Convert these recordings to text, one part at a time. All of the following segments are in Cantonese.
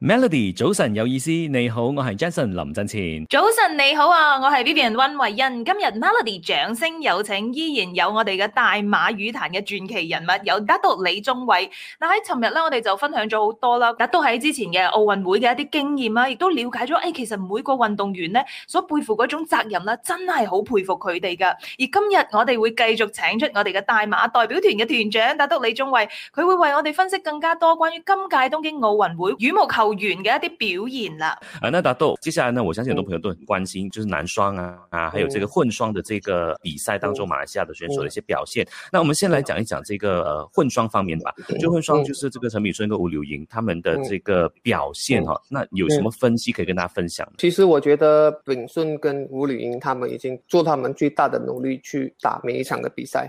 Melody，早晨有意思，你好，我係 Jason 林振前。早晨你好啊，我係 Vivian 溫慧欣。今日 Melody 掌聲有請，依然有我哋嘅大馬羽壇嘅傳奇人物，有拿督李宗偉。嗱，喺尋日咧，我哋就分享咗好多啦，拿督喺之前嘅奧運會嘅一啲經驗啦，亦都了解咗，誒、哎、其實每個運動員咧所背負嗰種責任啦，真係好佩服佢哋噶。而今日我哋會繼續請出我哋嘅大馬代表團嘅團長拿督李宗偉，佢會為我哋分析更加多關於今屆東京奧運會羽毛球。球員嘅一啲表現啦，啊，那達豆，接下來呢？我相信很多朋友都很關心，嗯、就是男雙啊，啊、嗯，還有這個混雙的這個比賽當中，馬來西亞的選手的一些表現。嗯、那我們先來講一講這個呃混雙方面吧。嗯、就混雙，就是這個陳炳順跟吳柳瑩他們的這個表現哈、嗯哦嗯。那有什麼分析可以跟大家分享？其實我覺得炳順跟吳柳瑩他們已經做他們最大的努力去打每一場的比賽。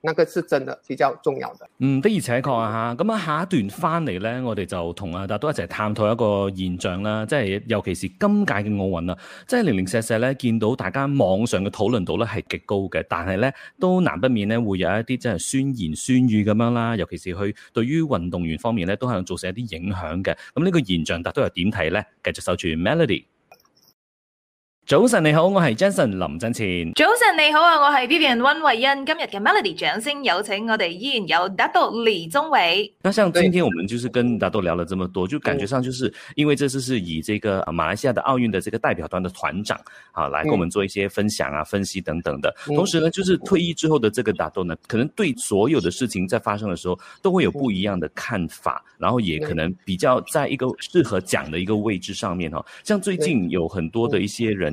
那個是真的比較重要的，嗯，的而且確啊吓，咁啊下一段翻嚟咧，我哋就同阿達都一齊探討一個現象啦，即係尤其是今屆嘅奧運啦，即係零零舍舍咧見到大家網上嘅討論度咧係極高嘅，但係咧都難不免咧會有一啲即係酸言酸語咁樣啦，尤其是去對於運動員方面咧都係造成一啲影響嘅。咁呢個現象，達都又點睇咧？繼續守住 Melody。早晨你好，我係 Jason 林振前。早晨你好啊，我係 Vivian 溫慧恩。今日嘅 Melody 掌聲有請我哋依然有 Dato 李宗偉。那像今天我們就是跟 Dato 聊了這麼多，就感覺上就是因為這次是以這個馬來西亞的奧運的這個代表團的團長啊，來跟我們做一些分享啊、mm. 分析等等的。同時呢，就是退役之後的這個 Dato 呢，可能對所有的事情在發生的時候都會有不一樣的看法，然後也可能比較在一個適合講的一個位置上面哈。像最近有很多的一些人。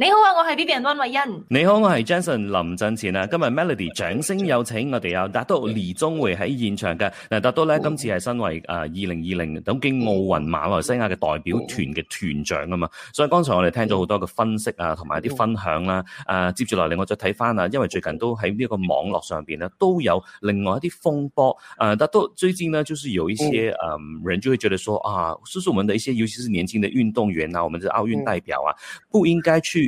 你好啊，我係 B B 人安慧欣。你好，我係 Jenson 林振前啊。今日 Melody 掌聲有請我哋啊拿督李宗偉喺現場嘅。嗱，拿督咧今次係身為誒二零二零東京奧運馬來西亞嘅代表團嘅團長啊嘛。所以剛才我哋聽咗好多嘅分析啊，同埋一啲分享啦、啊。誒、呃，接住落嚟，我再睇翻啊，因為最近都喺呢個網絡上邊呢都有另外一啲風波。誒、呃，拿督最近呢就是有一些誒、呃、人就會覺得說啊，就是，是我們的一些，尤其是年輕的運動員啊，我們嘅奧運代表啊，不應該去。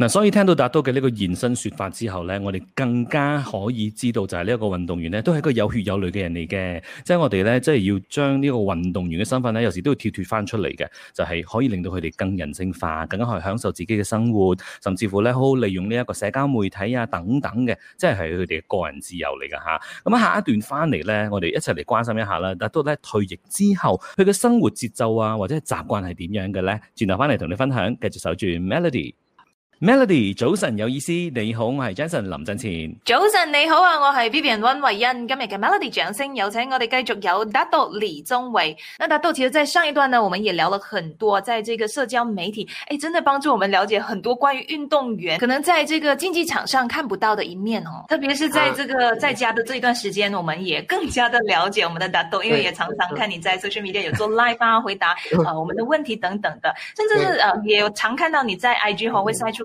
啊、所以聽到拿督嘅呢個延伸説法之後呢，我哋更加可以知道，就係呢一個運動員呢都係一個有血有淚嘅人嚟嘅。即係我哋呢，即係要將呢個運動員嘅身份呢，有時都要脱脱返出嚟嘅，就係可以令到佢哋更人性化，更加去享受自己嘅生活，甚至乎呢，好好利用呢一個社交媒體啊等等嘅，即係佢哋嘅個人自由嚟㗎。咁啊，下一段返嚟呢，我哋一齊嚟關心一下啦。拿督呢，退役之後，佢嘅生活節奏啊，或者習慣係點樣嘅呢？轉頭返嚟同你分享，繼續守住 Melody。Melody 早晨有意思，你好，我是 Jason 林振前。早晨你好啊，我係 Vivian 温慧欣。今日嘅 Melody 掌聲有請我哋繼續有拿督李宗偉。那拿督其實在上一段呢，我們也聊了很多，在這個社交媒體，誒、哎，真的幫助我們了解很多關於運動員可能在這個競技場上看不到的一面哦。特別是在這個、啊、在家的這一段時間，我們也更加的了解我們的拿督，因為也常常看你在 social media 有做 live，啊 回答啊、呃、我們的問題等等的，甚至是呃也常看到你在 IG 後會晒出。